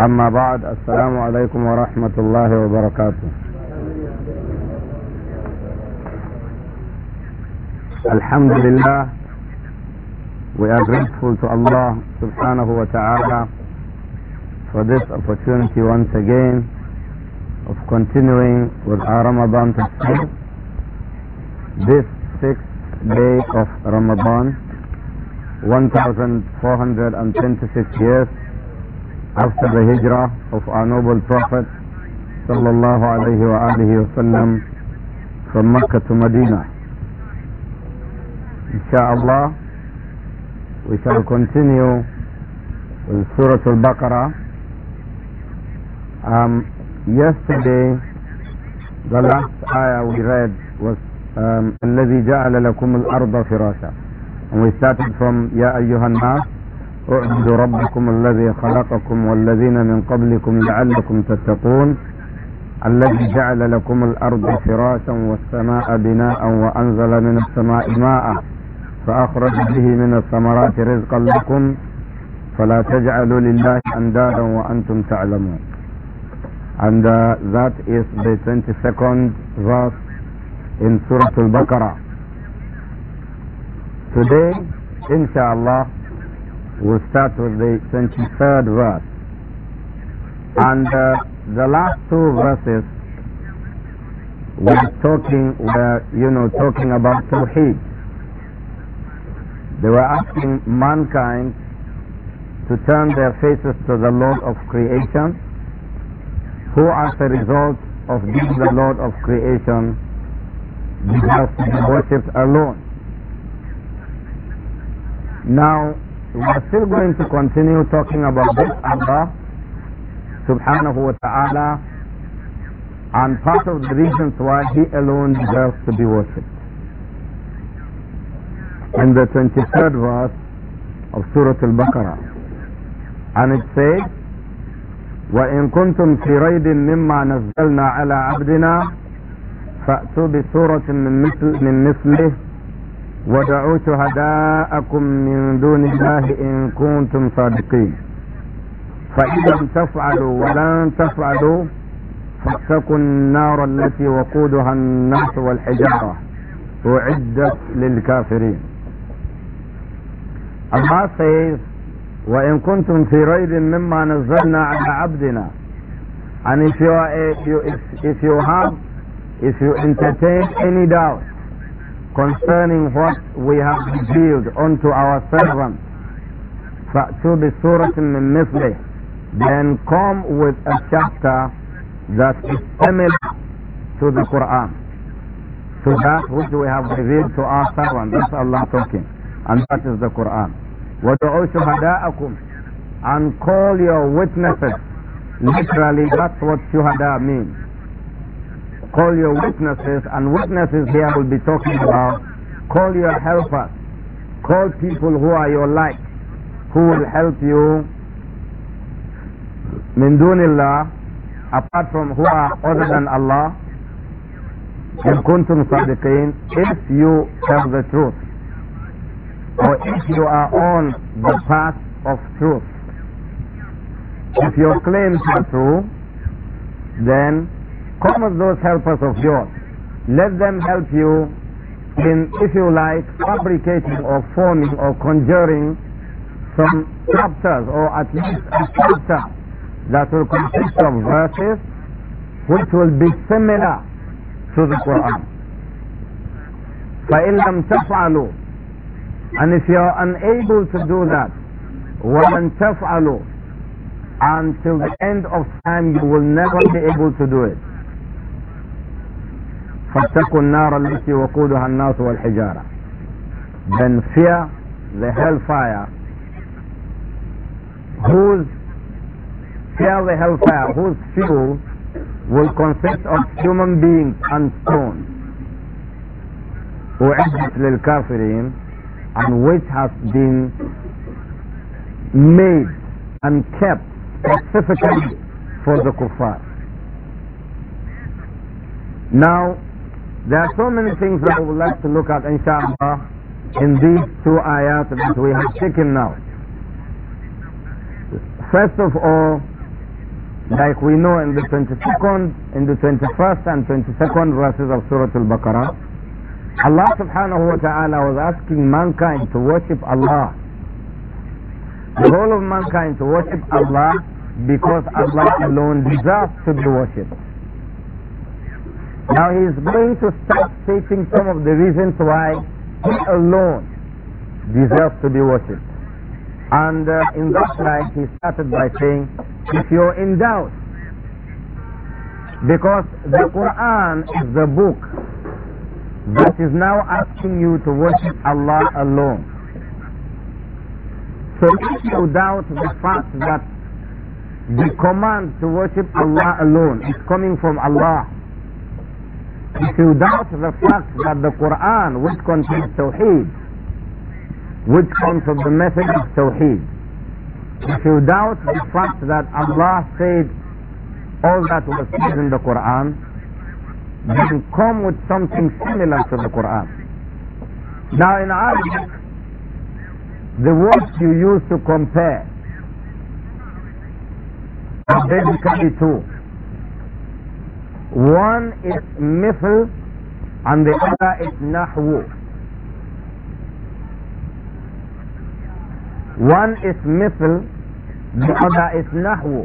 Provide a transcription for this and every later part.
أما بعد السلام عليكم ورحمة الله وبركاته الحمد لله we are grateful to Allah subhanahu wa ta'ala for this opportunity once again of continuing with our Ramadan tafsir this sixth day of Ramadan 1426 years after the hijrah of our noble Prophet sallallahu alayhi wa alihi wasallam from Mecca to Medina. Insha'Allah, we shall continue with Surah Al-Baqarah. Um, yesterday, the last ayah we read was um, الذي جعل لكم الأرض فراشا and we started from يا أيها الناس اعبدوا ربكم الذي خلقكم والذين من قبلكم لعلكم تتقون الذي جعل لكم الأرض فراشا والسماء بناء وأنزل من السماء ماء فأخرج به من الثمرات رزقا لكم فلا تجعلوا لله أندادا وأنتم تعلمون And uh, that is the 22nd verse in Surah Al-Baqarah. Today, inshallah, We'll start with the 23rd verse. And uh, the last two verses were talking, were, you know, talking about Tawheed. They were asking mankind to turn their faces to the Lord of creation, who as a result of being the Lord of creation deserves to be worshipped alone. Now, we are still going to continue talking about this Allah subhanahu wa ta'ala and part of the reasons why He alone deserves to be worshipped. In the 23rd verse of Surah Al-Baqarah and it says وإن كنتم في ريب مما نزلنا على عبدنا فأتوا بسورة من, مثل ودعوا شهداءكم من دون الله إن كنتم صادقين فإن لم تفعلوا ولن تفعلوا فاتقوا النار التي وقودها الناس والحجارة أعدت للكافرين الله says وإن كنتم في ريب مما نزلنا على عبدنا and if you, are, if you, if you have if you entertain any doubt concerning what we have revealed unto our servants. the surah in مِثْلِهِ Then come with a chapter that is similar to the Quran, to that which we have revealed to our servants. That's Allah talking, and that is the Quran. وَدُعُوا شُهَدَاءَكُمْ And call your witnesses. Literally, that's what shuhada means. Call your witnesses, and witnesses here will be talking about. Call your helpers. Call people who are your like, who will help you. Min dunillah, apart from who are other than Allah. In kuntum sadiqeen, if you tell the truth, or if you are on the path of truth. If your claims are true, then Come with those helpers of yours. Let them help you in, if you like, fabricating or forming or conjuring some chapters or at least a chapter that will consist of verses which will be similar to the Quran. فَإِن لَمْ تَفْعَلُوا And if you are unable to do that, وَلَنْ تَفْعَلُوا Until the end of time you will never be able to do it. فاتقوا النار التي وقودها الناس والحجارة then fear the hellfire whose fear the hellfire whose fuel will consist of human beings and stones أعدت للكافرين and which has been made and kept specifically for the kuffar now There are so many things that we would like to look at, inshallah, in these two ayat that we have taken now. First of all, like we know in the 22nd, in the 21st and 22nd verses of Surah Al-Baqarah, Allah subhanahu wa ta'ala was asking mankind to worship Allah. The whole of mankind to worship Allah because Allah alone deserves to be worshipped. Now he is going to start stating some of the reasons why he alone deserves to be worshipped. And uh, in that light, he started by saying, if you're in doubt, because the Quran is the book that is now asking you to worship Allah alone. So if you doubt the fact that the command to worship Allah alone is coming from Allah, if you doubt the fact that the Quran, which contains Tawheed, which comes from the method of Tawheed, if you doubt the fact that Allah said all that was said in the Quran, then come with something similar to the Quran. Now in Arabic, the words you use to compare are basically two. One is mithl and the other is nahwu. One is mithl, the other is nahwu.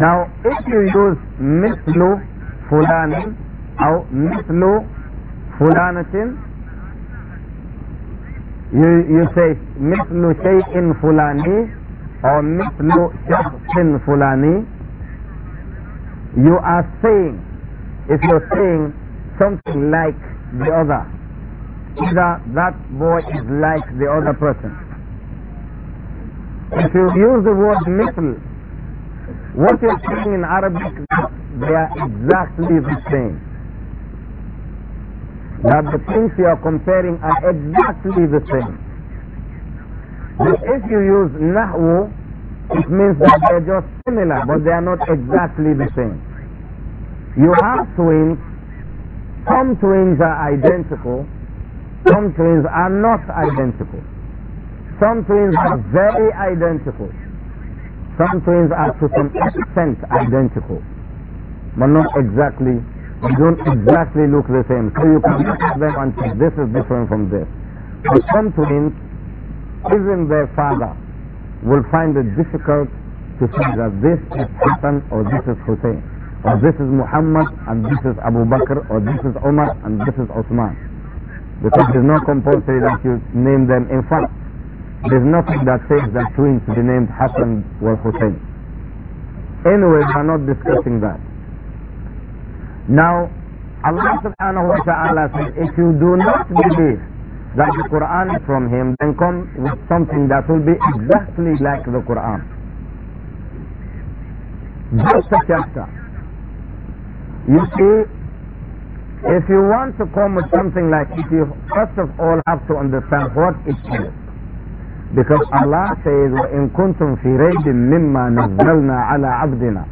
Now, if you use mithlu fulanin or mithlu fulanatin, you, you say mithlu shay'in fulani or mithlu shakhsin fulani, you are saying, if you're saying something like the other, either that boy is like the other person. If you use the word mithl, what you're saying in Arabic, they are exactly the same. That the things you are comparing are exactly the same. But if you use nahwu, it means that they're just similar, but they are not exactly the same. You have twins, some twins are identical, some twins are not identical. Some twins are very identical. Some twins are to some extent identical, but not exactly, they don't exactly look the same. So you can look at them and say, this is different from this. But some twins, even their father, will find it difficult to say that this is Hassan or this is Hussein or this is Muhammad and this is Abu Bakr or this is Umar and this is Osman because there's no compulsory that you name them in fact there's nothing that says that twins be named Hassan or Hussein anyway we are not discussing that now Allah subhanahu wa ta'ala says if you do not believe that the Quran from him, then come with something that will be exactly like the Quran. Just a chapter. You see, if you want to come with something like it, you first of all have to understand what it is. Because Allah says, وَإِن كُنْتُمْ فِي رَيْبٍ مِمَّا نَزَّلْنَا عَلَى عَبْدِنَا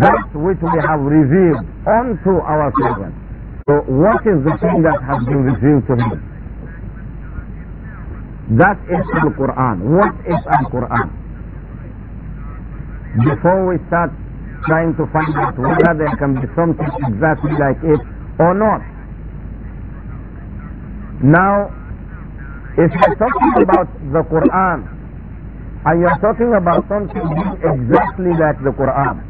That which we have revealed unto our servants. So what is the thing that has been revealed to him? That is the Quran. What is the Quran? Before we start trying to find out whether there can be something exactly like it or not. Now, if you're talking about the Quran and you're talking about something exactly like the Quran,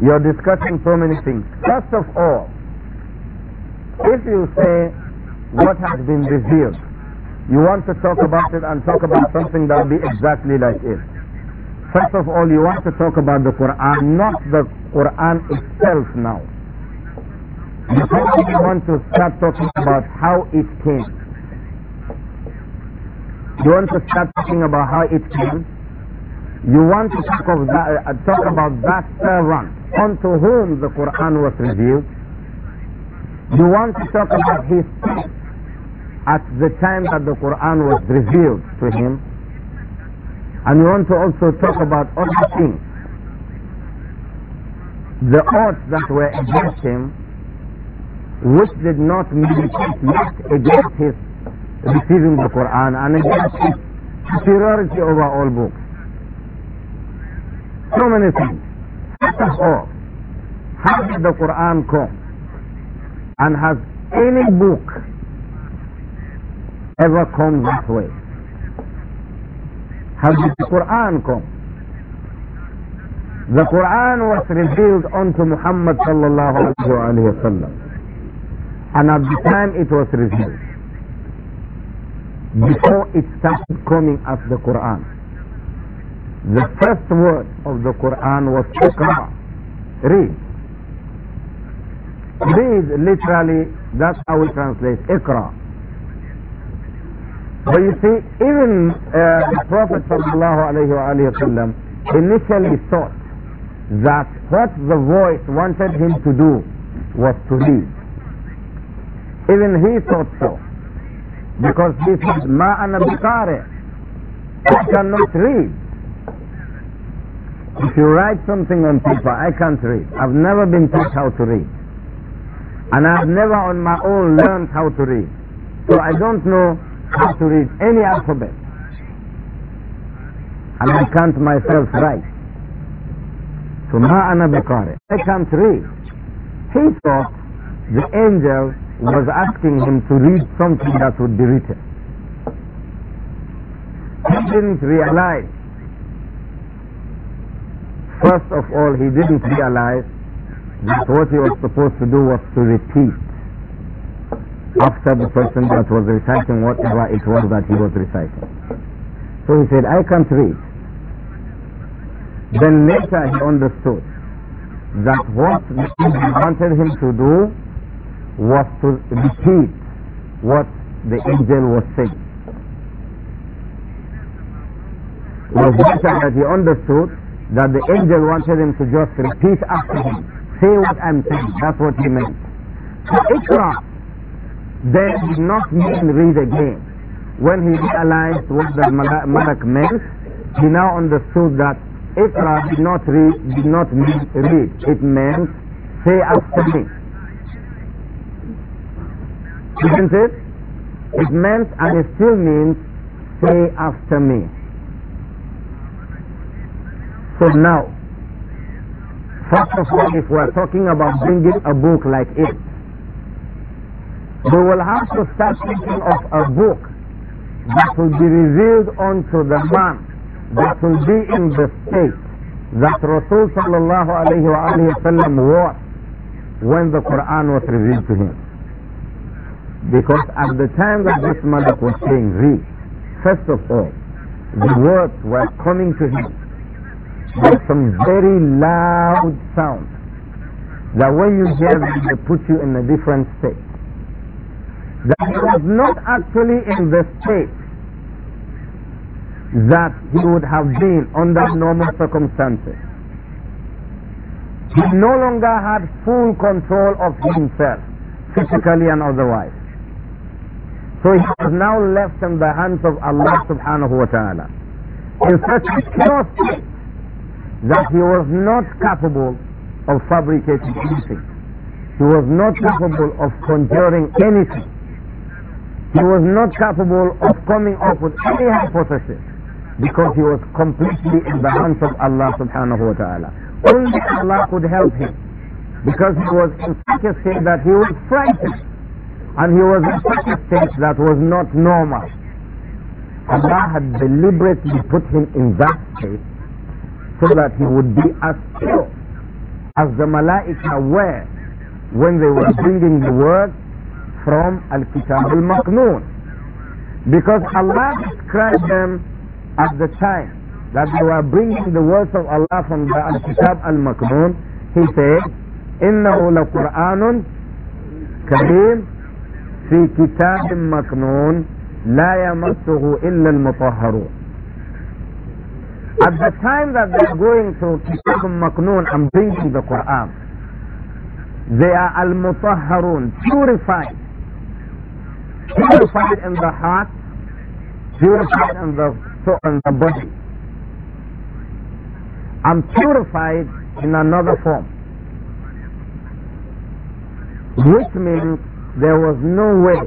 you're discussing so many things. First of all, if you say what has been revealed, you want to talk about it and talk about something that will be exactly like it. First of all, you want to talk about the Quran, not the Quran itself now. You probably want to start talking about how it came. You want to start talking about how it came. You want to talk, that, uh, talk about that servant unto whom the Quran was revealed. You want to talk about his faith at the time that the Quran was revealed to him, and you want to also talk about other things. The odds that were against him, which did not militate yet against his receiving the Quran and against his superiority over all books. So many things. First of all, how did the Quran come? And has any book ever come that way? Has the Quran come? The Quran was revealed unto Muhammad sallallahu alayhi wa And at the time it was revealed, before it started coming as the Quran, the first word of the Quran was Iqra, read. Read literally, that's how we translate Iqra. But you see, even uh, the Prophet وسلم, initially thought that what the voice wanted him to do was to read. Even he thought so. Because this is ma'ana bikare. I cannot read. If you write something on paper, I can't read. I've never been taught how to read. And I've never on my own learned how to read. So I don't know how to read any alphabet. And I can't myself write. So ma ana biqari. I can't read. He thought the angel was asking him to read something that would be written. He didn't realize. First of all, he didn't realize that what he was supposed to do was to repeat after the person that was reciting whatever it was that he was reciting. So he said, I can't read. Then later he understood that what he wanted him to do was to repeat what the angel was saying. It was later that he understood that the angel wanted him to just repeat after him Say what I'm saying. That's what he meant. So Ikra then did not mean read again. When he realized what the Malak meant, he now understood that Ikra did not read, did not mean read. It meant say after me. Isn't it? It meant and it still means say after me. So now, First of all, if we're talking about bringing a book like it, we will have to start thinking of a book that will be revealed unto the man that will be in the state that Rasul sallallahu alayhi wa alayhi was when the Quran was revealed to him. Because at the time that this Malik was saying read, first of all, the words were coming to him by some very loud sound. The way you hear them, they put you in a different state. That he was not actually in the state that he would have been under normal circumstances. He no longer had full control of himself, physically and otherwise. So he was now left in the hands of Allah subhanahu wa ta'ala. In such a pure state that he was not capable of fabricating anything. He was not capable of conjuring anything. He was not capable of coming up with any hypothesis because he was completely in the hands of Allah subhanahu wa ta'ala. Only Allah could help him because he was in such a state that he was frightened and he was in such a state that was not normal. Allah had deliberately put him in that state so that he would be as pure as the malaika were when they were reading the word from Al-Kitab al-Maqnoon. Because Allah described them at the time that they were bringing the words of Allah from the Al-Kitab al-Maqnoon. He said, إِنَّهُ لَقُرْآنٌ كَرِيمٌ في كتاب مكنون لا يمسه إلا المطهرون at the time that they are going to Kitab Maknoon and bringing the Quran, they are al-mutahharun, purified. Purified in the heart, purified in the, soul, in the body. And purified in another form. Which means there was no way,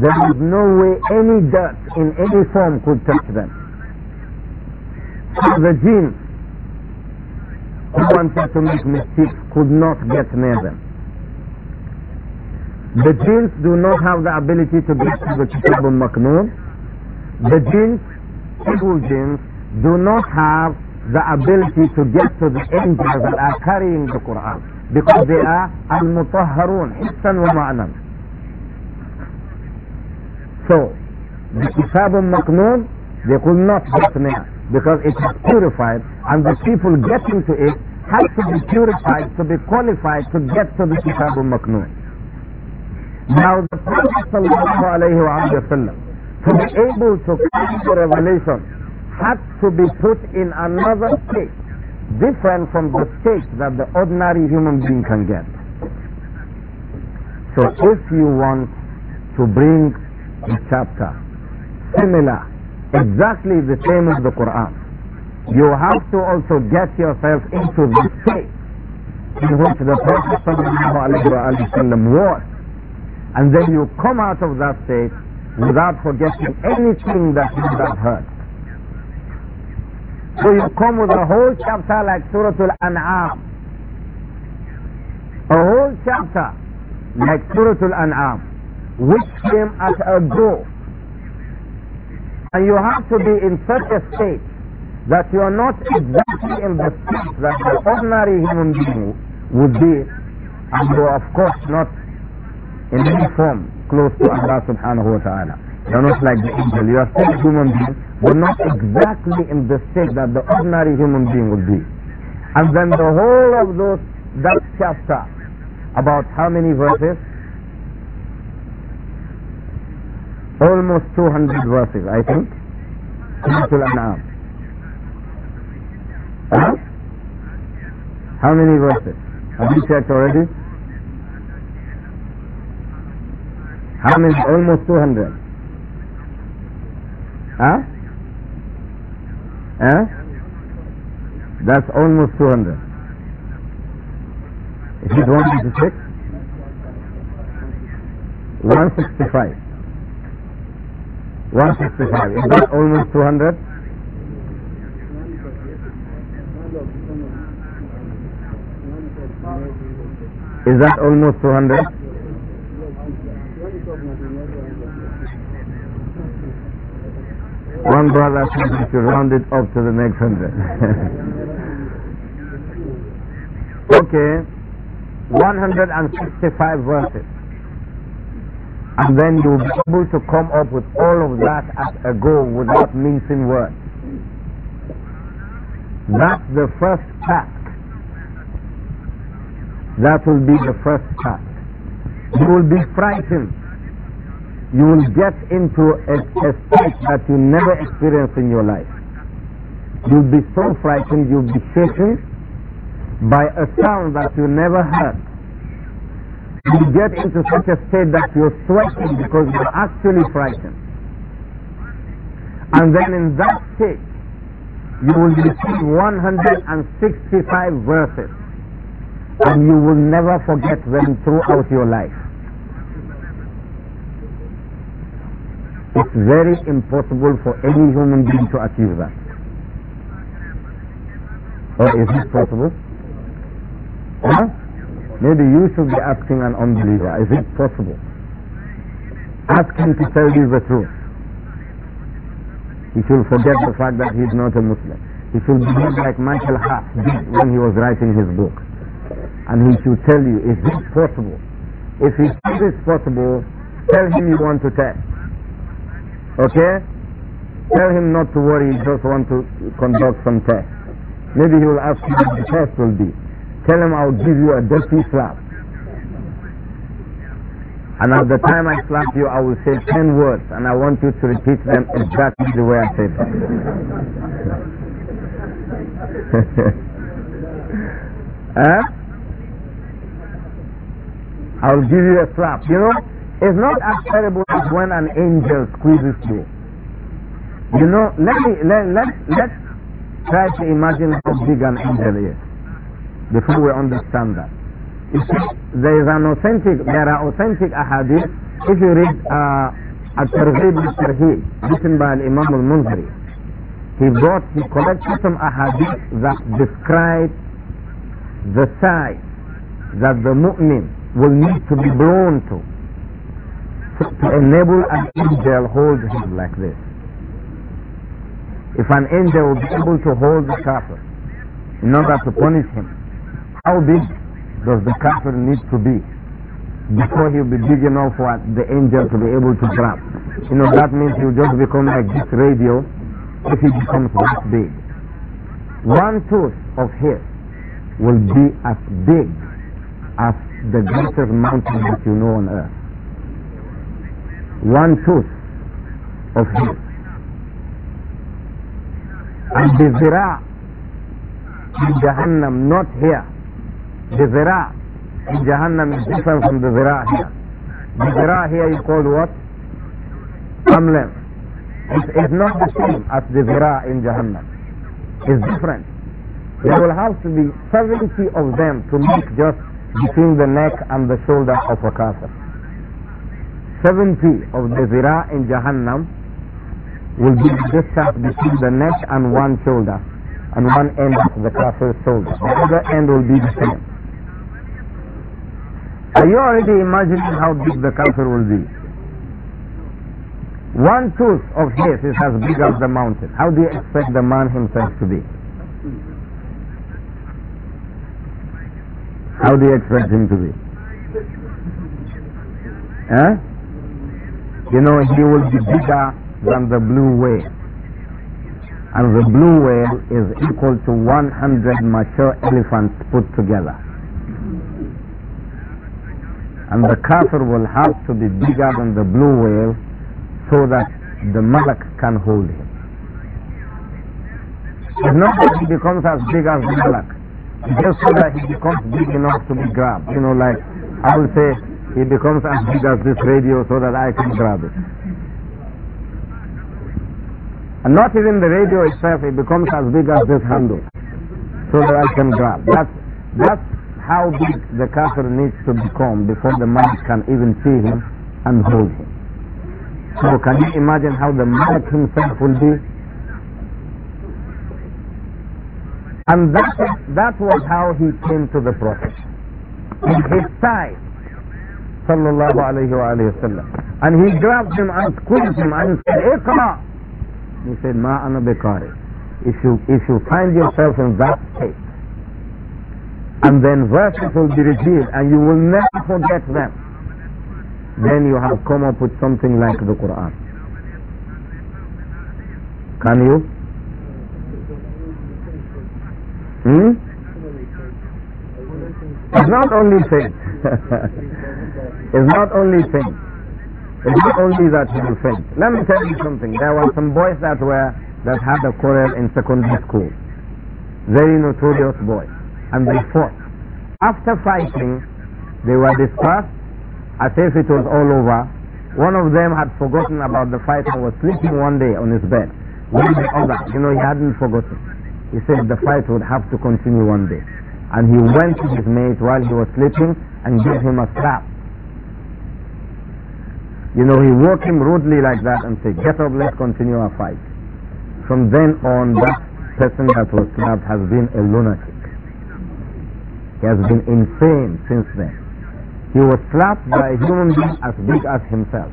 there was no way any dirt in any form could touch them the jinn who wanted to make mischief could not get near them. The jinns do not have the ability to get to the Kitab al The jinns, evil jinns, do not have the ability to get to the angels that are carrying the Quran because they are al-mutahharun, hissan wa ma'nan. So, the Kitab al they could not get near because it is purified and the people getting to it have to be purified to be qualified to get to the Kitab al Now the Prophet ﷺ, to be able to come to revelation had to be put in another state different from the state that the ordinary human being can get. So if you want to bring a chapter similar exactly the same as the Quran. You have to also get yourself into the state in which the Prophet was. And then you come out of that state without forgetting anything that you have heard. So you come with a whole chapter like Surah Al-An'am. A whole chapter like Surah Al-An'am, which came as a go and you have to be in such a state that you are not exactly in the state that the ordinary human being would be, and you are of course not in any form close to Allah subhanahu wa ta'ala. You are not like the angel, you are still a human being, but not exactly in the state that the ordinary human being would be. And then the whole of those, that chapter, about how many verses? almost 200 verses, I think. Huh? How many verses? Have you checked already? How many? Almost 200. Huh? Huh? That's almost 200. If you want to check, 165. 165. Is that almost 200? Is that almost 200? One brother says to should round it up to the next hundred. okay, 165 verses. And then you'll be able to come up with all of that at a go without mincing words. That's the first task. That will be the first task. You will be frightened. You will get into a, a state that you never experienced in your life. You'll be so frightened, you'll be shaken by a sound that you never heard you get into such a state that you're sweating because you're actually frightened. And then in that state, you will receive 165 verses and you will never forget them throughout your life. It's very impossible for any human being to achieve that. Or is it possible? Huh? Maybe you should be asking an unbeliever. Is it possible? Ask him to tell you the truth. He should forget the fact that he is not a Muslim. He should behave like Michael Hart did when he was writing his book. And he should tell you, is it possible? If he says it's possible, tell him you want to test. Okay? Tell him not to worry, you just want to conduct some tests. Maybe he will ask you what the test will be. Tell him I'll give you a dirty slap. And at the time I slap you, I will say ten words, and I want you to repeat them exactly the way I said them. Eh? I'll give you a slap. You know, it's not as terrible as when an angel squeezes you. You know, let me let let let's try to imagine how big an angel is before we understand that. there is an authentic, there are authentic ahadith. If you read uh, At-Targhib al-Tarhib, written by al Imam al-Munziri, he brought, he collected some ahadith that describe the size that the mu'min will need to be blown to to, to enable an angel hold him like this. If an angel will be able to hold the kafir in order to punish him, how big does the castle need to be before he'll be big enough for the angel to be able to grab? You know, that means he'll just become like this radio if he becomes that big. One tooth of his will be as big as the greatest mountain that you know on earth. One tooth of his. And the zira in Jahannam, not here. The zira in Jahannam is different from the zira here. The zira here is called what? Amlem. It is not the same as the zira in Jahannam. It's different. There will have to be 70 of them to make just between the neck and the shoulder of a kafir. 70 of the zira in Jahannam will be the distance between the neck and one shoulder, and one end of the kafir's shoulder. The other end will be the same. Are you already imagining how big the kafir will be? One tooth of his is as big as the mountain. How do you expect the man himself to be? How do you expect him to be? You know, he will be bigger than the blue whale. And the blue whale is equal to 100 mature elephants put together. And the kafir will have to be bigger than the blue whale so that the malak can hold him. If not that he becomes as big as the malak, just so that he becomes big enough to be grabbed. You know, like I would say, he becomes as big as this radio so that I can grab it. And not even the radio itself, it becomes as big as this handle so that I can grab. That's, that's how big the kafir needs to become before the Malik can even see him and hold him. So can you imagine how the Malik himself will be? And that, that was how he came to the Prophet. In his time, sallallahu alayhi wa sallam. And he grabbed him and squeezed him and said, Iqra! He said, Ma ana If you, if you find yourself in that state, and then verses will be revealed and you will never forget them, then you have come up with something like the Quran. Can you? Hmm? It's not only faith. it's not only faith. It's not only that you faith. Let me tell you something. There were some boys that were that had a quarrel in secondary school. Very notorious boys and they fought. After fighting, they were dispersed as if it was all over. One of them had forgotten about the fight and was sleeping one day on his bed. When the other, you know, he hadn't forgotten. He said the fight would have to continue one day. And he went to his mate while he was sleeping and gave him a slap. You know, he woke him rudely like that and said, Get up, let's continue our fight. From then on, that person that was slapped has been a lunatic. He has been insane since then. He was slapped by a human being as big as himself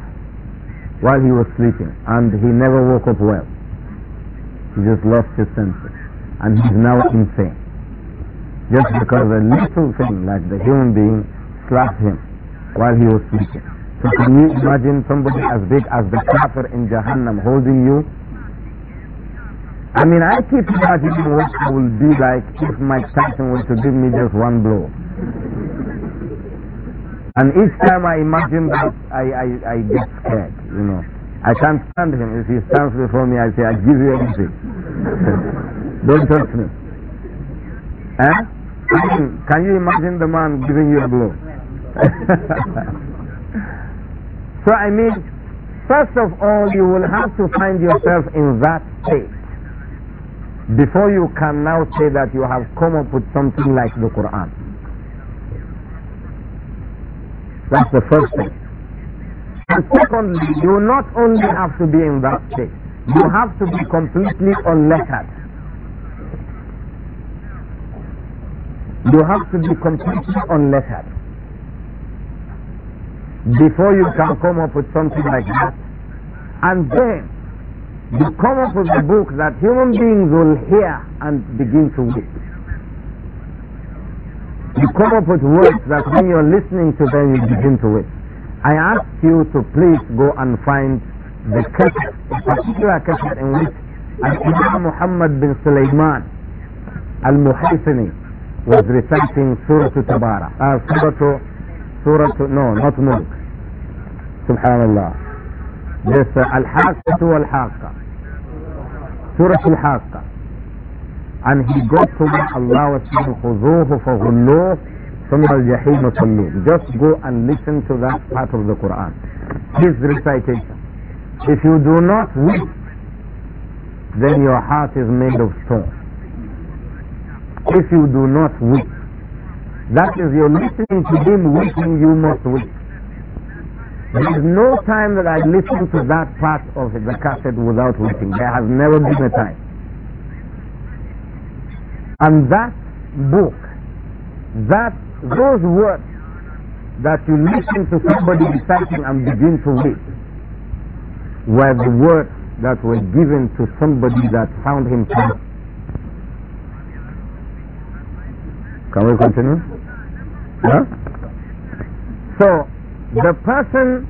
while he was sleeping and he never woke up well. He just lost his senses and he's now insane. Just because a little thing like the human being slapped him while he was sleeping. So can you imagine somebody as big as the kafir in Jahannam holding you I mean, I keep imagining what it would be like if Mike Tyson were to give me just one blow. And each time I imagine that, I, I, I get scared, you know. I can't stand him. If he stands before me, I say, I give you everything. Don't touch me. Eh? I mean, can you imagine the man giving you a blow? so I mean, first of all, you will have to find yourself in that state before you can now say that you have come up with something like the Quran. That's the first thing. And secondly, you not only have to be in that state, you have to be completely unlettered. You have to be completely unlettered. Before you can come up with something like that. And then you come up with a book that human beings will hear and begin to weep. You come up with words that when you're listening to them, you begin to weep. I ask you to please go and find the cassette, a particular cassette in which Imam Muhammad bin Sulaiman al-Muhaisini was reciting Surah Tabara, uh, Surah, Surah, no, not Mulk. Subhanallah. This uh, Al-Haqqa Al-Haqqa. Surah Al-Haqqa. And he got to where Allah was saying, خُذُوهُ فَغُلُّوهُ ثُمَّ الْجَحِيمُ صَلُّوهُ Just go and listen to that part of the Quran. His recitation. If you do not weep, then your heart is made of stone. If you do not weep, that is, you're listening to him weeping, you must weep. There is no time that I listen to that part of the cassette without weeping. There has never been a time. And that book, that those words that you listen to somebody reciting and begin to weep were the words that were given to somebody that found himself. Can we continue? Huh? So the person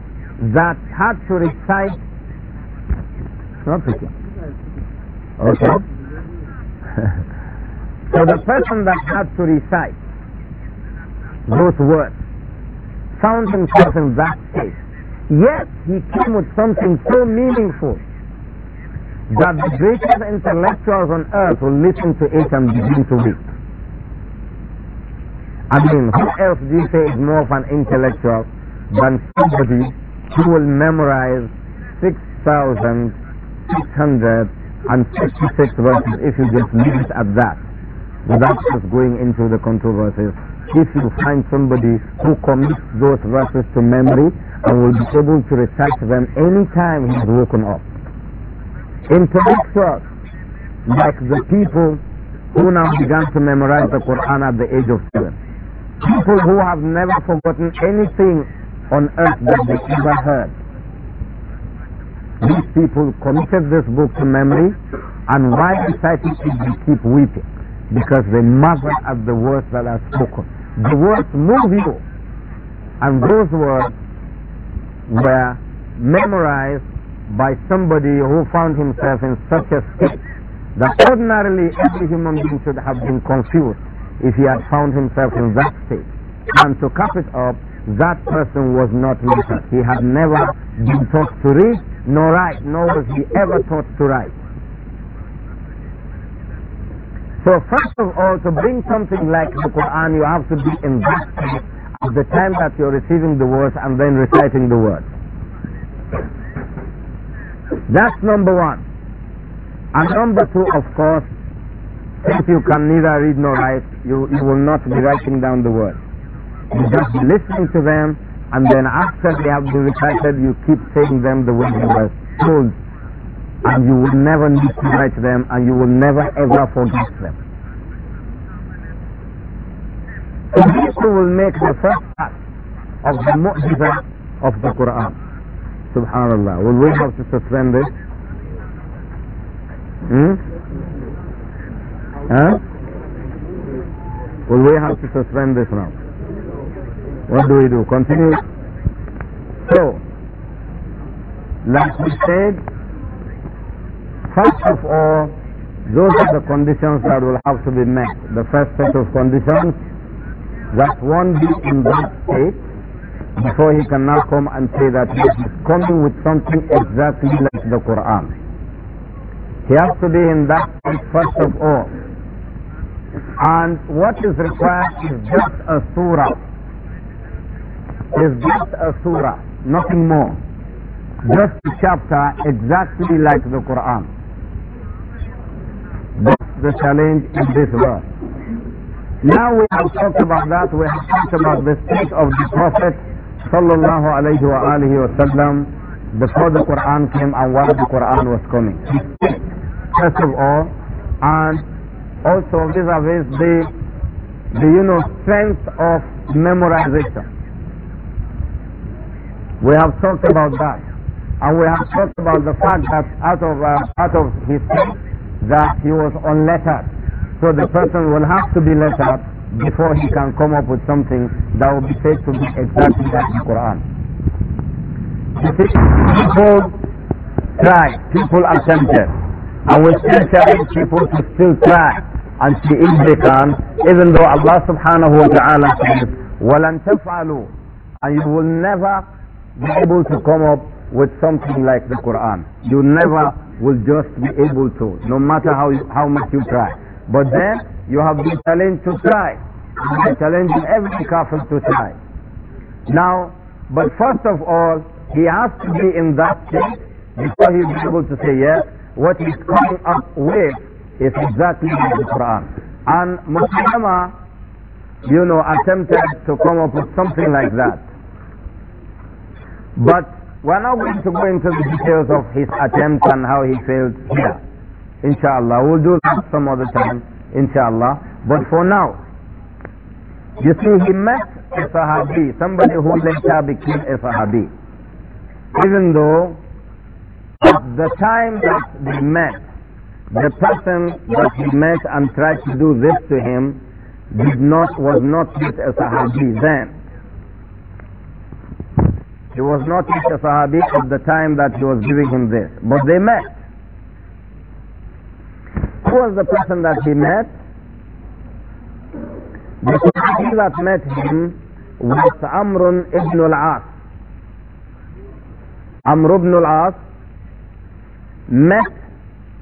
that had to recite not picking. Okay. so the person that had to recite those words found himself in that state. Yet he came with something so meaningful that the greatest intellectuals on earth will listen to it and begin to weep. I mean, who else do you say is more of an intellectual than somebody who will memorize 6,656 verses if you just leave it at that, without just going into the controversies. If you find somebody who commits those verses to memory and will be able to recite them any time he's woken up. Intellectuals, like the people who now began to memorize the Quran at the age of seven. People who have never forgotten anything on earth that they ever heard. These people committed this book to memory, and did reciting it, they keep weeping because they marvel at the words that are spoken. The words move you, and those words were memorized by somebody who found himself in such a state that ordinarily every human being should have been confused if he had found himself in that state. And to cap it up, that person was not literate. He had never been taught to read nor write, nor was he ever taught to write. So first of all, to bring something like the Quran, you have to be invested at the time that you're receiving the words and then reciting the words. That's number one. And number two, of course, since you can neither read nor write, you, you will not be writing down the words. You just listen listening to them, and then after they have been recited, you keep saying them the way they were told, and you will never need to write them, and you will never ever forget them. So these two will make the first part of the mu'jiza of the Quran. Subhanallah. Will we have to suspend this? Hmm? Huh? Will we have to suspend this now? What do we do? Continue? So, like we said, first of all, those are the conditions that will have to be met. The first set of conditions that one be in that state before he can now come and say that he is coming with something exactly like the Quran. He has to be in that state first of all. And what is required is just a surah is just a surah, nothing more. Just a chapter exactly like the Quran. That's the challenge in this verse. Now we have talked about that, we have talked about the state of the Prophet sallallahu alayhi wa sallam before the Quran came and while the Quran was coming. First of all, and also vis-a-vis -vis the, the you know, strength of memorization. We have talked about that. And we have talked about the fact that out of, uh, out of his faith, that he was unlettered. So the person will have to be lettered before he can come up with something that will be said to be exactly like the Quran. You see, people try, people are tempted. And we still challenge people to still try and see if they can, even though Allah subhanahu wa ta'ala says, وَلَن تَفْعَلُوا And you will never be able to come up with something like the Quran. You never will just be able to, no matter how, you, how much you try. But then you have been challenged to try. You are challenging every kafir to try. Now, but first of all, he has to be in that state before he is able to say yes. What he's coming up with is exactly like the Quran. And Muslima, you know, attempted to come up with something like that. But we're not going to go into the details of his attempt and how he failed here. Inshallah, we'll do that some other time, inshallah. But for now, you see, he met a Sahabi, somebody who later became a Sahabi. Even though at the time that he met, the person that he met and tried to do this to him did not was not yet a Sahabi then. He was not yet a Sahabi at the time that he was giving him this. But they met. Who was the person that he met? The Sahabi that met him was Amr ibn al-As. Amr ibn al-As met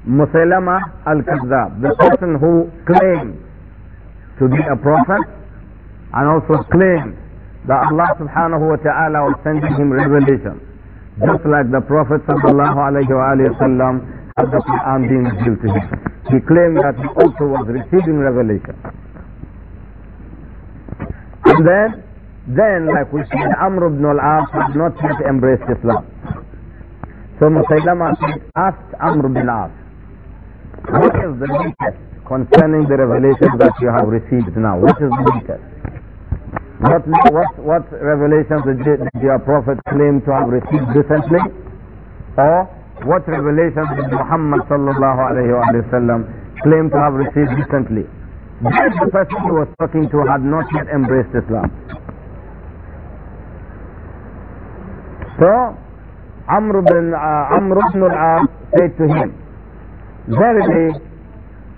Musaylama al-Kazzab, the person who claimed to be a prophet and also claimed that Allah subhanahu wa ta'ala was sending him revelation. Just like the Prophet sallallahu alayhi wa sallam had the Quran being revealed to him. He claimed that he also was receiving revelation. And then, then like we said, Amr ibn al-As had not yet embraced Islam. So Musaylama asked Amr ibn al-As, what is the latest concerning the revelation that you have received now? What is the latest? What, what, what revelations did your Prophet claim to have received recently? Or what revelations did Muhammad sallallahu alayhi wa sallam claim to have received recently? That the person he was talking to had not yet embraced Islam. So, Amr ibn, uh, Amr ibn al said to him, Verily,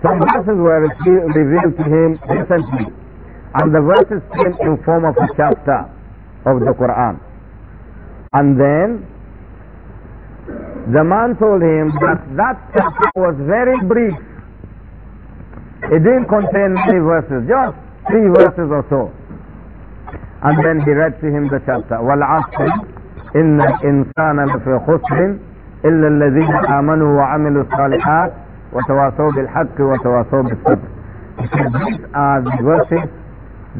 some verses were revealed to him recently and the verses came in form of a chapter of the Quran. And then the man told him that that chapter was very brief. It didn't contain many verses, just three verses or so. And then he read to him the chapter. وَالْعَصْرِ إن الإنسان لفي خسر إلا الذين آمنوا وعملوا الصالحات وتواصوا بالحق وتواصوا بالصبر. These are the verses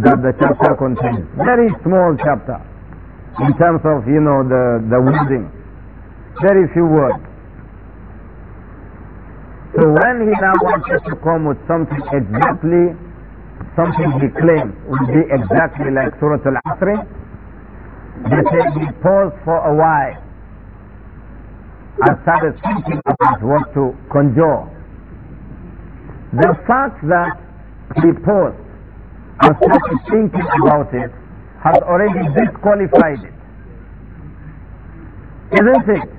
that the chapter contains. Very small chapter in terms of, you know, the, the wording. Very few words. So when he now wanted to come with something exactly, something he claimed would be exactly like Surah Al-Asr, they said he paused for a while and started thinking about what to conjure. The fact that he paused just started thinking about it has already disqualified it. Isn't it?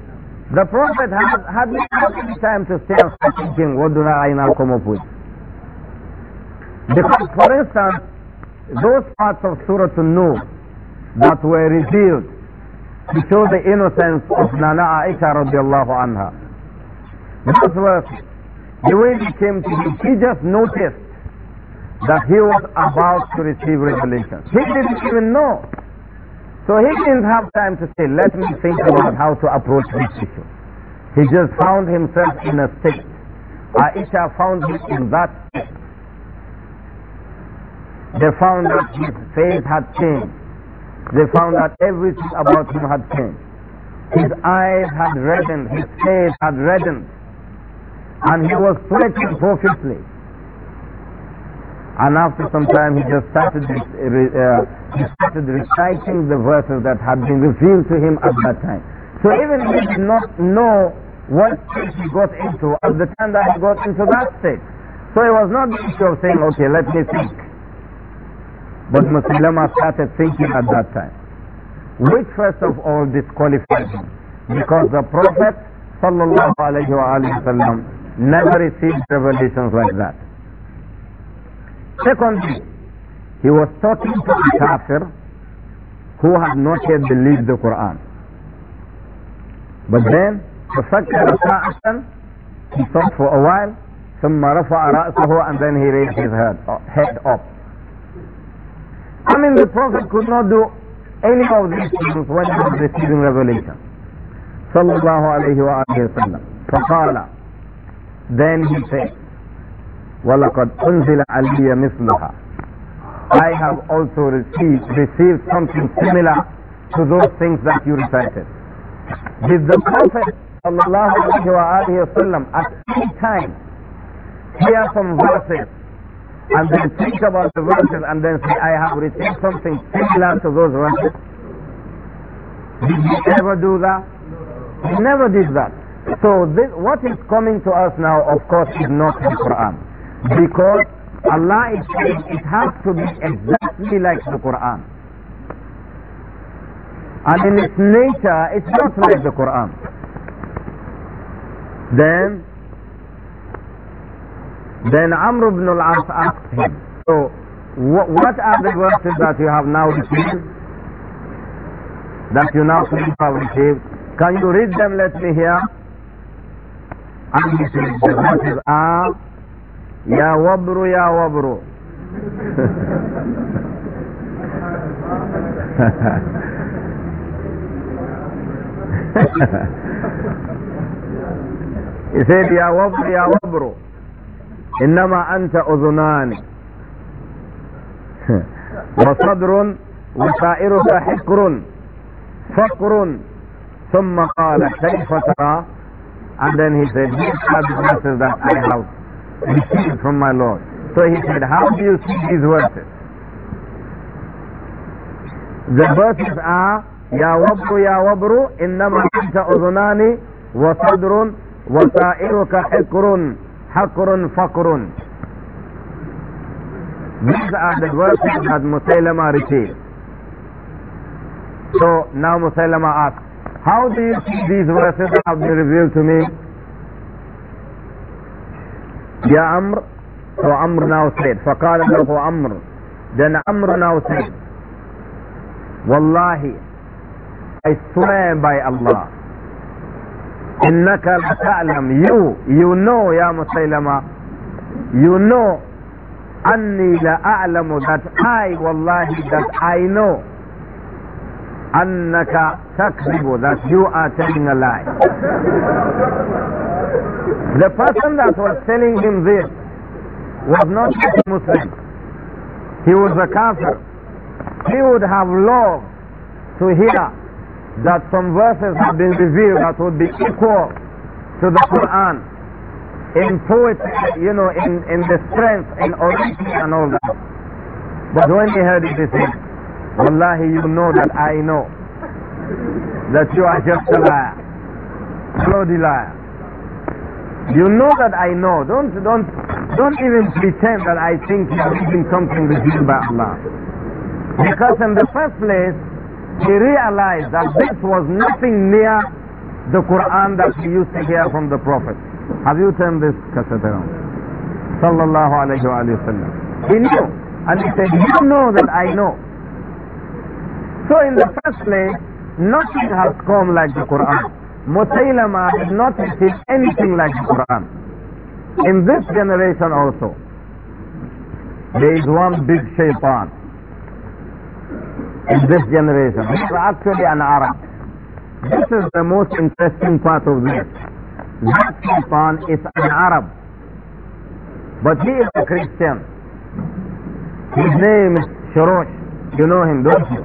The Prophet had, had any time to stay and start thinking, what do I now come up with? Because, for instance, those parts of Surah An-Nur that were revealed to show the innocence of Nana Aisha radiallahu anha, those verses, the way he came to he just noticed that he was about to receive revelation. He didn't even know. So he didn't have time to say, let me think about how to approach this issue. He just found himself in a state. Aisha found him in that state. They found that his face had changed. They found that everything about him had changed. His eyes had reddened, his face had reddened, and he was sweating profusely. And after some time, he just started, uh, he started reciting the verses that had been revealed to him at that time. So even he did not know what state he got into at the time that he got into that state. So it was not the issue of saying, okay, let me think. But Muslima started thinking at that time. Which first of all disqualified him. Because the Prophet sallallahu never received revelations like that. Secondly, he was talking to a kafir who had not yet believed the Quran. But then, فَفَكَّرَ سَاعَةً He thought for a while, ثُمَّ رَفَعَ رَأْسَهُ And then he raised his head, head up. I mean, the Prophet could not do any of these things when he was receiving revelation. صلى الله عليه وآله وسلم. فقال Then he said, وَلَقَدْ أُنْزِلَ عَلِيَّ مِثْلُهَا I have also received, received something similar to those things that you recited. Did the Prophet وسلم, at any time hear some verses and then think about the verses and then say, I have received something similar to those verses? Did he ever do that? He never did that. So this, what is coming to us now, of course, is not the Quran. Because Allah is saying it has to be exactly like the Quran. And in its nature, it's not like the Quran. Then, then Amr ibn al-As asked him, so wh what are the verses that you have now received? That you now have received? Can you read them? Let me hear. And he said, the verses are يا وبر يا وبر يسيد يا وبر يا وبر إنما أنت أذنان وصدر وسائرك حكر فقر ثم قال كيف ترى and then he said that I have received from my Lord. So he said, How do you see these verses? The verses are Ya وبر يا وبر إنما wa أذنان وصدر وسائرك hakurun حكر فقر These are the verses that Musaylama received. So now Musaylama asks, How do you see these verses have been revealed to me? جاء عمر هو عمر ناوسين فقال له هو عمر دن عمر ناوسين والله I swear by Allah إنك لا تعلم يو يو نو يا مسلمة يو نو أني لا أعلم that I والله that I know أنك تكذب that you are telling a lie The person that was telling him this was not a Muslim. He was a kafir. He would have loved to hear that some verses have been revealed that would be equal to the Quran in poetry, you know, in, in the strength, in origin and all that. But when he heard it, he said, Wallahi, you know that I know that you are just a liar, bloody liar. You know that I know. Don't, don't, don't even pretend that I think you're reading something revealed by Allah. Because in the first place, he realized that this was nothing near the Quran that he used to hear from the Prophet. Have you turned this cassette around? Sallallahu alayhi wa sallam. He knew. And he said, you know that I know. So in the first place, nothing has come like the Quran. Mutailama has not seen anything like the Quran. In this generation also, there is one big shaitan in this generation. is actually an Arab. This is the most interesting part of this. That shaitan is an Arab. But he is a Christian. His name is Sharosh. You know him, don't you?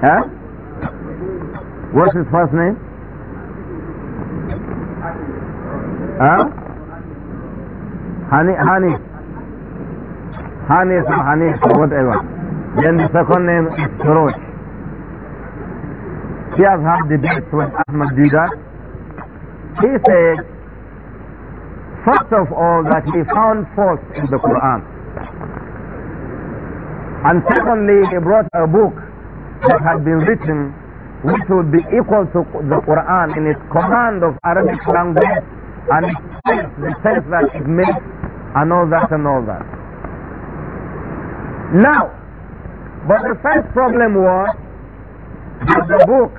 Huh? What's his first name? Huh? Hani, Hani. Hanif or Hanif or whatever. Then the second name is Suroj. He has had debates with Ahmad Didat. He said, first of all, that he found fault in the Quran. And secondly, he brought a book that had been written which would be equal to the Quran in its command of Arabic language and the sense that it makes and all that and all that. Now, but the first problem was that the book,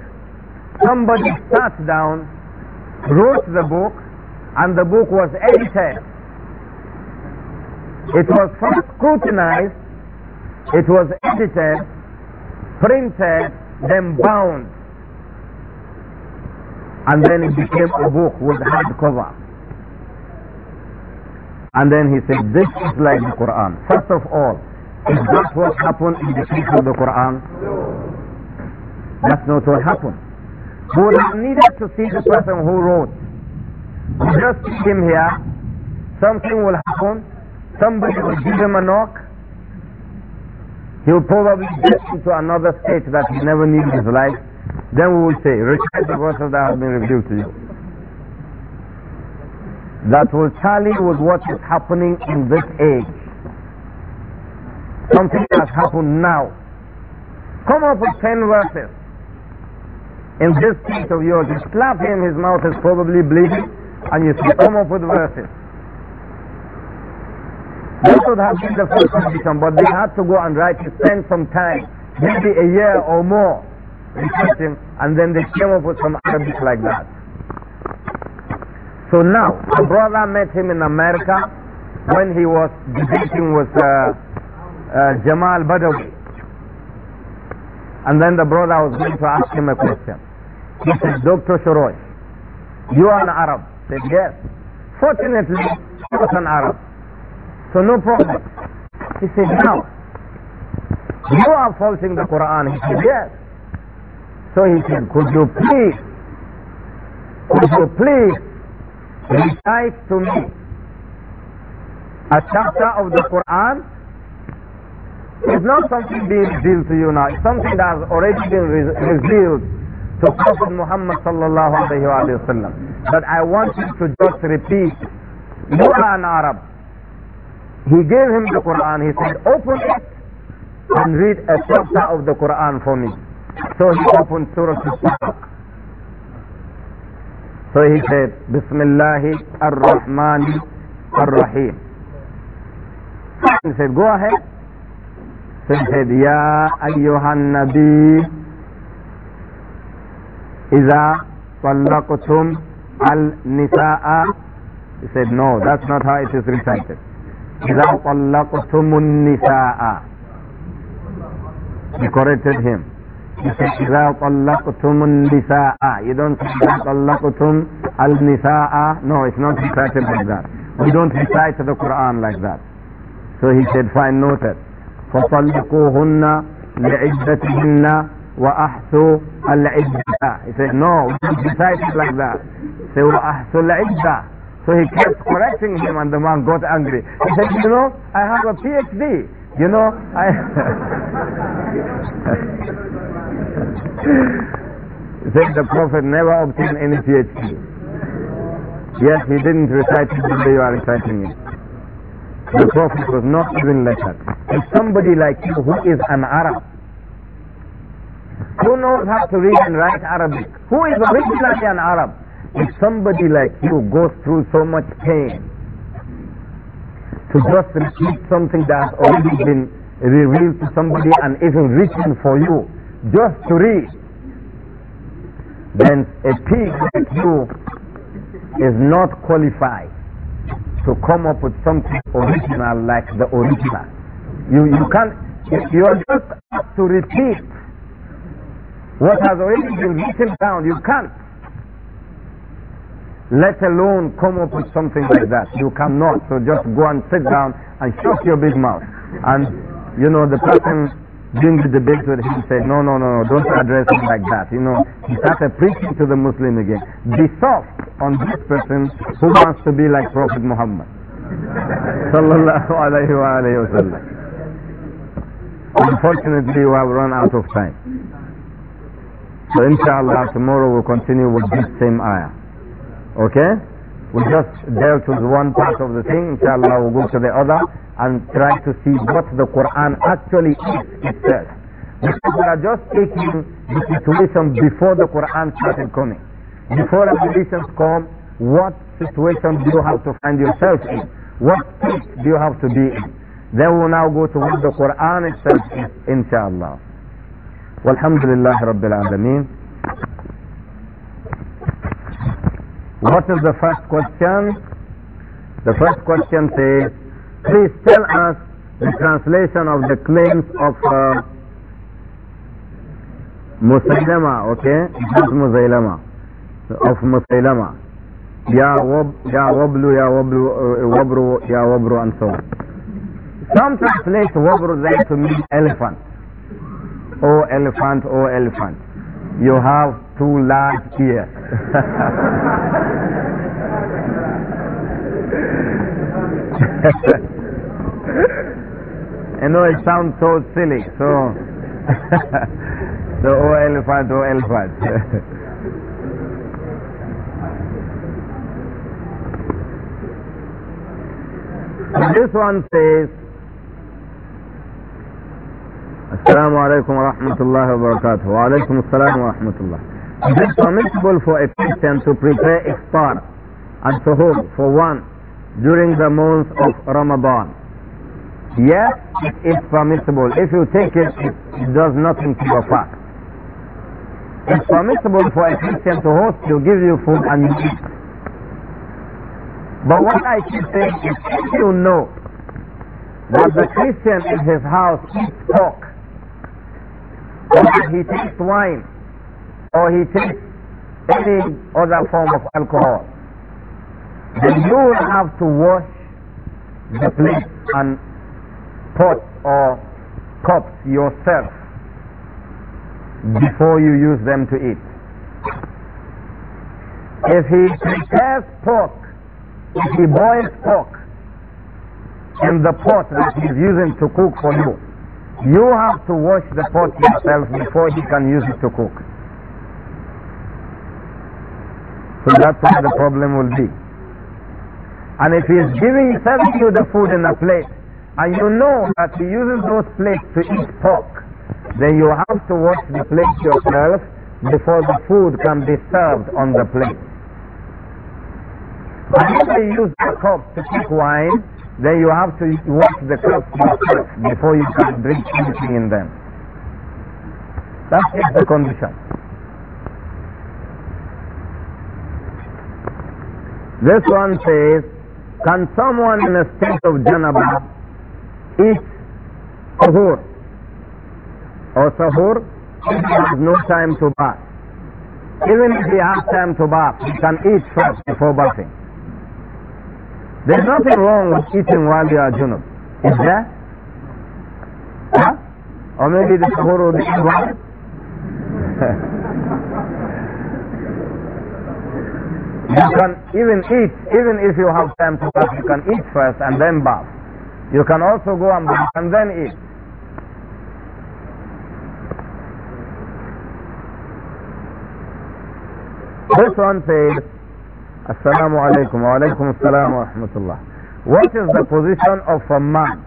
somebody sat down, wrote the book, and the book was edited. It was first scrutinized, it was edited, printed, then bound and then it became a book with cover. And then he said, this is like the Quran. First of all, is that what happened in the case of the Quran? That's not what happened. We would have needed to see the person who wrote. We just came here, something will happen, somebody will give him a knock, he'll probably get into another state that he never knew in his life, then we will say, recite the verses that have been revealed to you. That will tally with what is happening in this age. Something has happened now. Come up with ten verses. In this case of yours, you slap him, his mouth is probably bleeding, and you say, come up with verses. This would have been the first condition, but they had to go and write to spend some time, maybe a year or more researched him, and then they came up with some Arabic like that. So now, a brother met him in America when he was debating with uh, uh, Jamal Badawi. And then the brother was going to ask him a question. He said, Dr. Shoroy, you are an Arab. He said, yes. Fortunately, he was an Arab. So no problem. He said, now, you are faulting the Quran. He said, yes. So he said, could you please, could you please recite to me a chapter of the Quran? It's not something being revealed to you now. It's something that has already been re- revealed to Prophet Muhammad But I want you to just repeat, you are an Arab. He gave him the Quran. He said, open it and read a chapter of the Quran for me. So he opened Surah Al-Falaq. So he said, Bismillah ar-Rahman ar-Rahim. He said, go ahead. So he said, Ya ayyuhan nabi, Iza طلقتم النساء He said, no, that's not how it is recited. إذا al-Nisa'a." He corrected him. You say, إِذَا طَلَّقْتُمُ النِّسَاءَ You don't say, إِذَا طَلَّقْتُم النِّسَاءَ No, it's not recited like that. We don't recite the Quran like that. So he said, fine, it. فَطَلِّقُوهُنَّ لِعِدَّتِهِنَّ وَأَحْسُوا الْعِدَّةَ He said, no, we don't recite it like that. Say, وَأَحْسُوا الْعِدَّةَ So he kept correcting him and the man got angry. He said, you know, I have a PhD. You know, I... Said the Prophet never obtained any PhD. Yes, he didn't recite it the way you are reciting it. The Prophet was not even lettered. If somebody like you who is an Arab, who knows how to read and write Arabic, who is originally an Arab, if somebody like you goes through so much pain to just repeat something that has already been revealed to somebody and isn't written for you, just to read, then a pig like you is not qualified to come up with something original like the original. You, you can't, you are just to repeat what has already been written down. You can't. Let alone come up with something like that. You cannot. So just go and sit down and shut your big mouth. And, you know, the person during the debate with him said, no, no, no, don't address him like that. You know, he started preaching to the Muslim again. Be soft on this person who wants to be like Prophet Muhammad. Sallallahu alayhi wa alayhi wa sallam. Unfortunately, we have run out of time. So inshallah, tomorrow we'll continue with this same ayah. Okay? We just dealt with one part of the thing. Inshallah, we'll go to the other and try to see what the Quran actually is itself. Because we are just taking the situation before the Quran started coming. Before revelations come, what situation do you have to find yourself in? What state do you have to be in? Then we'll now go to what the Quran itself is, inshallah. Walhamdulillah Rabbil Alameen. What is the first question? The first question says, Please tell us the translation of the claims of uh, Musaylama, okay? Not Musaylama. Of Musaylama. Ya, wab, ya wablu, ya wablu, uh, wabru, ya wabru, and so on. Some translate wabru there to mean elephant. Oh elephant, oh elephant. You have two large ears. I know it sounds so silly, so so oh elephant, oh elephant. this one says Assalamu alaikum wa rahmatullahi wa barakatuh. Wa alaikum assalam wa rahmatullah. Is permissible for a Christian to prepare iftar and suhoor for one during the month of Ramadan? Yes, it is permissible. If you take it, it does nothing to your fast. It's permissible for a Christian to host you, give you food, and you eat. But what I keep saying is, if you know that the Christian in his house eats pork, or he takes wine, or he takes any other form of alcohol, then you will have to wash the plate and thoughts or cups yourself before you use them to eat. If he prepares pork, if he boils pork in the pot that he's using to cook for you, you have to wash the pot yourself before he can use it to cook. So that's where the problem will be. And if he's giving, serving you the food in a plate, and you know that he uses those plates to eat pork, then you have to wash the plate yourself before the food can be served on the plate. And if they use the cup to take wine, then you have to wash the cups yourself before you can drink anything in them. That is the condition. This one says, can someone in a state of janaba if sahur or sahur he has no time to bath. Even if he has time to bath, he can eat first before bathing. There's nothing wrong with eating while you are junub, is there? Huh? Or maybe the sahur or the one? you can even eat, even if you have time to bath, you can eat first and then bath. You can also go and buy and then eat. This one says, Assalamu alaikum wa alaikum assalam wa rahmatullah. What is the position of a man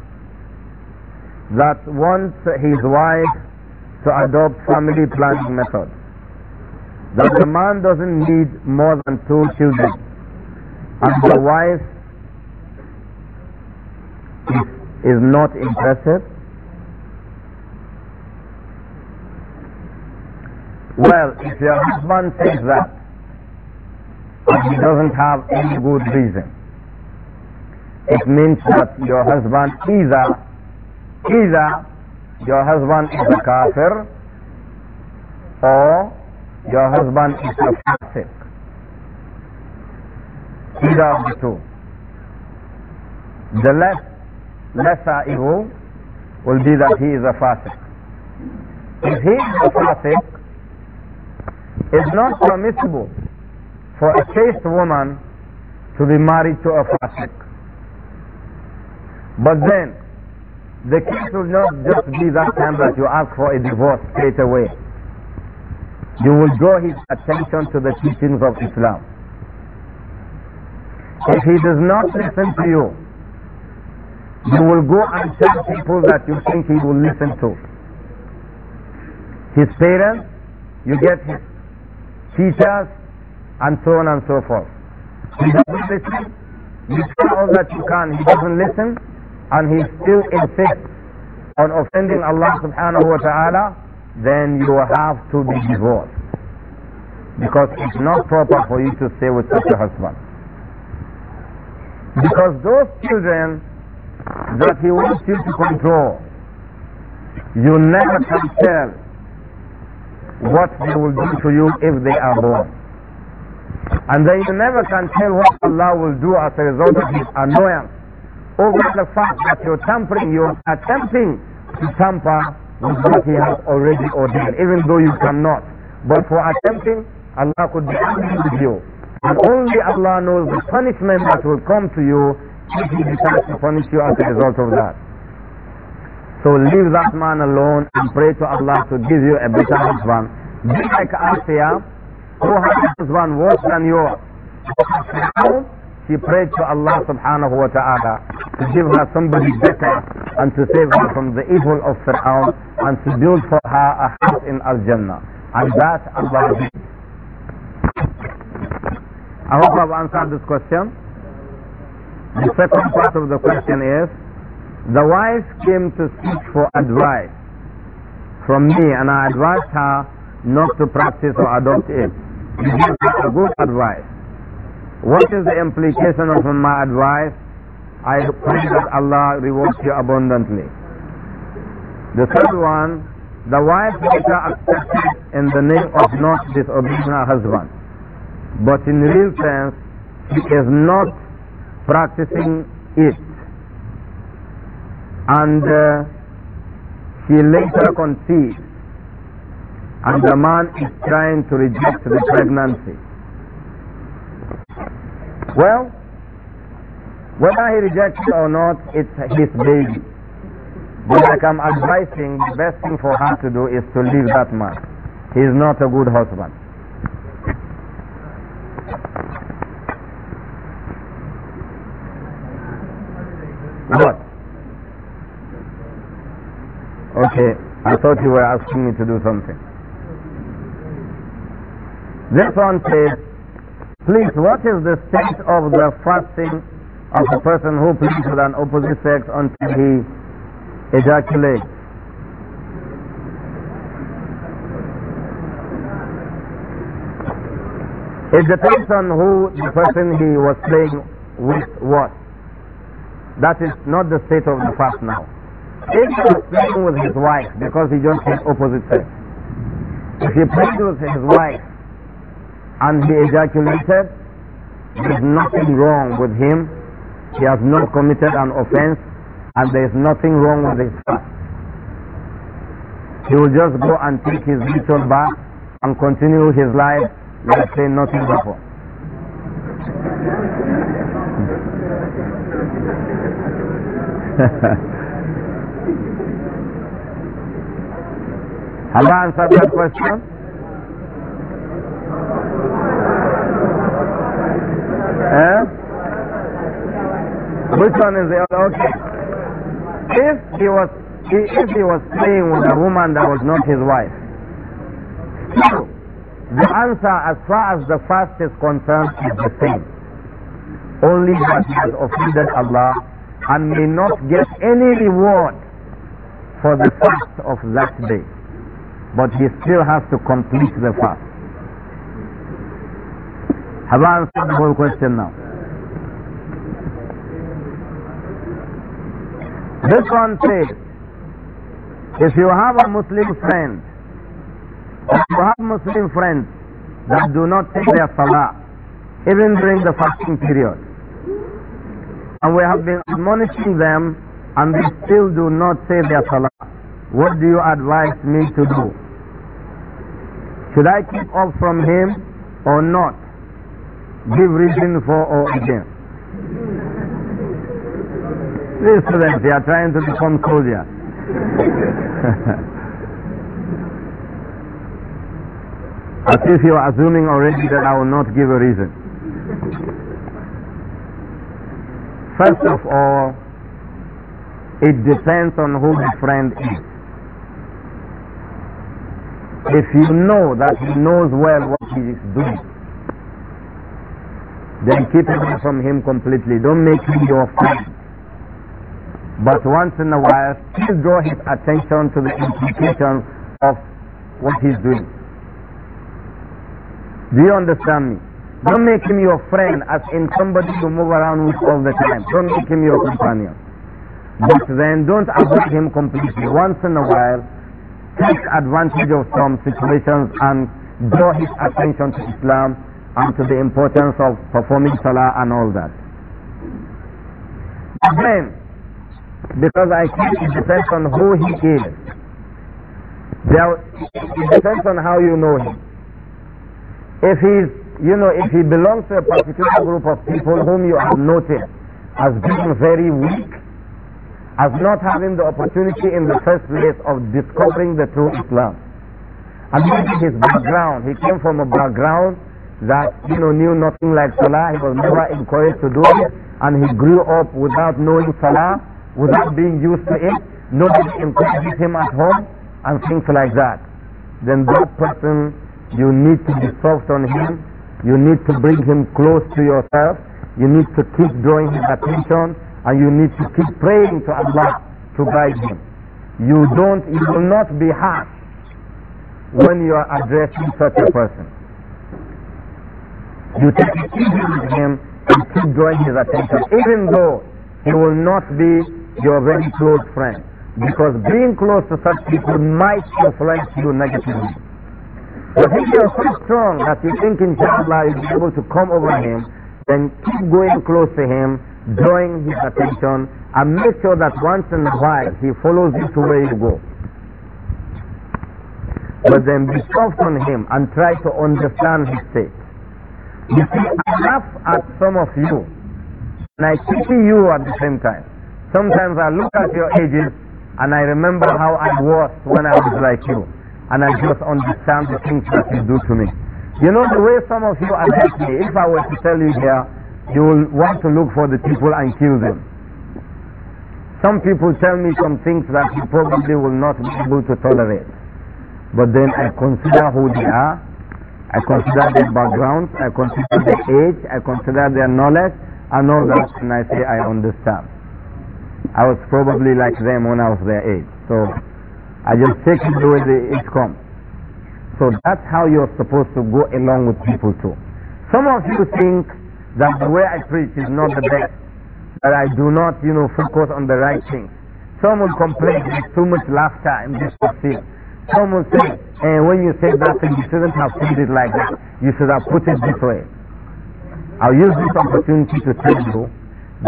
that wants his wife to adopt family planning method? That the man doesn't need more than two children and the wife is not impressive. Well, if your husband says that, but he doesn't have any good reason, it means that your husband either, either your husband is a kafir or your husband is a fasiq. Either of the two. The less lesser evil will be that he is a fasiq. If he is a fasiq, it's not permissible for a chaste woman to be married to a fasiq. But then, the case will not just be that time that you ask for a divorce straight away. You will draw his attention to the teachings of Islam. If he does not listen to you, you will go and tell people that you think he will listen to. His parents, you get his teachers, and so on and so forth. He doesn't listen. You try all that you can. He doesn't listen, and he still insists on offending Allah subhanahu wa ta'ala, then you have to be divorced. Because it's not proper for you to stay with such a husband. Because those children that he wants you to control. You never can tell what they will do to you if they are born. And then you never can tell what Allah will do as a result of his annoyance over the fact that you're tampering, you're attempting to tamper with what he has already ordained, even though you cannot. But for attempting, Allah could be angry with you. And only Allah knows the punishment that will come to you he decides to punish you as a result of that. So leave that man alone and pray to Allah to give you a better husband. Be like Asiya, who has a husband worse than yours. She prayed to Allah subhanahu wa ta'ala to give her somebody better and to save her from the evil of Fir'aun and to build for her a house in Al-Jannah. And that Allah did. I hope I've answered this question. The second part of the question is, the wife came to seek for advice from me and I advised her not to practice or adopt it. good advice. What is the implication of my advice? I pray that Allah rewards you abundantly. The third one, the wife later accepted in the name of not disobeying her husband. But in real sense, she is not practicing it. And uh, she later conceives, and the man is trying to reject the pregnancy. Well, whether he rejects it or not, it's his baby. But like I'm advising, the best thing for her to do is to leave that man. He's not a good husband. What? Okay, I thought you were asking me to do something. This one says, please, what is the state of the fasting of a person who pleads with an opposite sex until he ejaculates? It depends on who the person he was playing with was. That is not the state of the fast now. If he was praying with his wife, because he just had opposite sex, if he prayed with his wife and he ejaculated, there is nothing wrong with him. He has not committed an offense and there is nothing wrong with his fast. He will just go and take his ritual bath and continue his life like say nothing it. Have I answered that question? Eh? Which one is the other? Okay. If he was if he was playing with a woman that was not his wife, the answer as far as the first is concerned is the same only that he has offended Allah and may not get any reward for the fast of that day. But he still has to complete the fast. Have I answered the whole question now? This one says, if you have a Muslim friend, if you have Muslim friends that do not take their salah, even during the fasting period, and we have been admonishing them and they still do not say their salah. What do you advise me to do? Should I keep off from him or not? Give reason for or against. These students, they are trying to become soldiers. As if you are assuming already that I will not give a reason. First of all, it depends on who the friend is. If you know that he knows well what he is doing, then keep away from him completely. Don't make him your friend. But once in a while, still draw his attention to the implication of what he's doing. Do you understand me? Don't make him your friend as in somebody to move around with all the time. Don't make him your companion. But then don't avoid him completely. Once in a while, take advantage of some situations and draw his attention to Islam and to the importance of performing salah and all that. Then, because I think it depends on who he is. There, it depends on how you know him. If he's you know, if he belongs to a particular group of people whom you have noted as being very weak, as not having the opportunity in the first place of discovering the true Islam. And look at his background. He came from a background that, you know, knew nothing like Salah. He was never encouraged to do it. And he grew up without knowing Salah, without being used to it. Nobody encouraged him at home and things like that. Then that person, you need to be soft on him you need to bring him close to yourself. You need to keep drawing his attention and you need to keep praying to Allah to guide him. You don't, you will not be harsh when you are addressing such a person. You take it easy with him and keep drawing his attention, even though he will not be your very close friend. Because being close to such people might influence you negatively. But if you are so strong that you think inshallah you'll be able to come over him, then keep going close to him, drawing his attention, and make sure that once in a while he follows you to where you go. But then be soft on him and try to understand his state. You see, I laugh at some of you, and I pity you at the same time. Sometimes I look at your ages and I remember how I was when I was like you and I just understand the things that you do to me. You know, the way some of you attack me, if I were to tell you here, you will want to look for the people and kill them. Some people tell me some things that you probably will not be able to tolerate. But then I consider who they are, I consider their background, I consider their age, I consider their knowledge, and all that, and I say I understand. I was probably like them when I was their age. So I just take it the way it comes. So that's how you're supposed to go along with people too. Some of you think that the way I preach is not the best, that I do not, you know, focus on the right things. Some will complain there's too much laughter in this field. Some will say, and eh, when you say that thing, you shouldn't have put it like that. You should have put it this way. I'll use this opportunity to tell you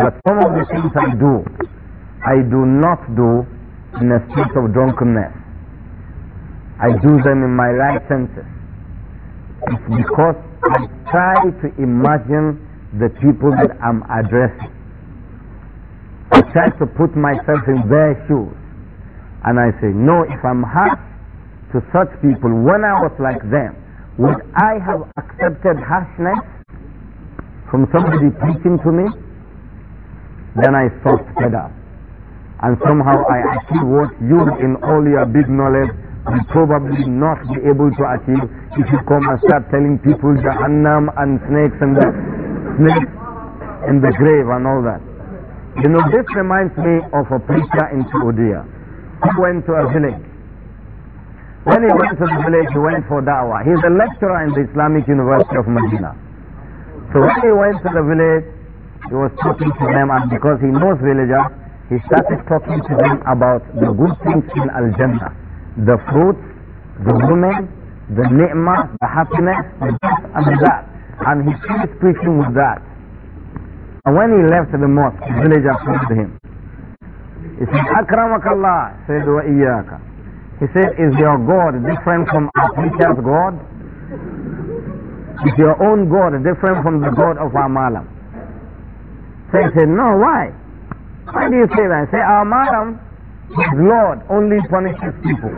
that some of the things I do, I do not do in a state of drunkenness. I do them in my right senses. It's because I try to imagine the people that I'm addressing. I try to put myself in their shoes. And I say, no, if I'm harsh to such people when I was like them, would I have accepted harshness from somebody preaching to me? Then I thought, fed up and somehow I achieve what you in all your big knowledge will probably not be able to achieve if you come and start telling people Jahannam and snakes and the snakes in the grave and all that. You know, this reminds me of a preacher in Saudiya who went to a village. When he went to the village, he went for da'wah. He's a lecturer in the Islamic University of Medina. So when he went to the village, he was talking to them, and because he knows villagers, he started talking to them about the good things in Al-Jannah, the fruits, the women, the ni'mah, the happiness, the this and that. And he finished preaching with that. And when he left the mosque, the villager said him, he said, Akramakallah, said wa iyaka. He said, is your God different from our preacher's God? Is your own God different from the God of our malam? So he said, no, why? Why do you say that? Say, our madam, Lord only punishes people.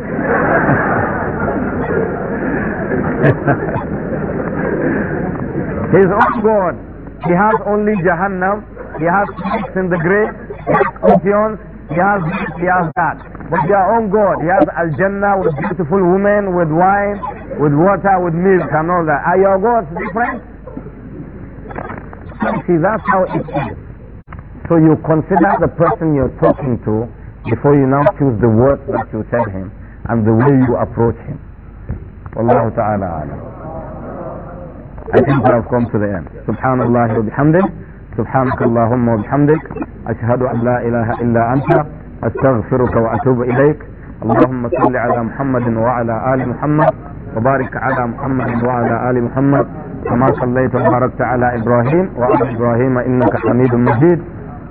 His own God. He has only Jahannam. He has snakes in the grave. He has scorpions. He has this, he has that. But your own God, he has Al Jannah with beautiful women, with wine, with water, with milk, and all that. Are your gods different? See, that's how it is. So you consider the person you're talking to before you now choose the words that you tell him and the way you approach him. Wallahu ta'ala Ala. I think we have come to the end. Subhanallah wa bihamdik. سبحانك اللهم وبحمدك أشهد أن لا إله إلا أنت أستغفرك وأتوب إليك اللهم صل على محمد وعلى آل محمد وبارك على محمد وعلى آل محمد كما صليت وباركت على إبراهيم وعلى إبراهيم إنك حميد مجيد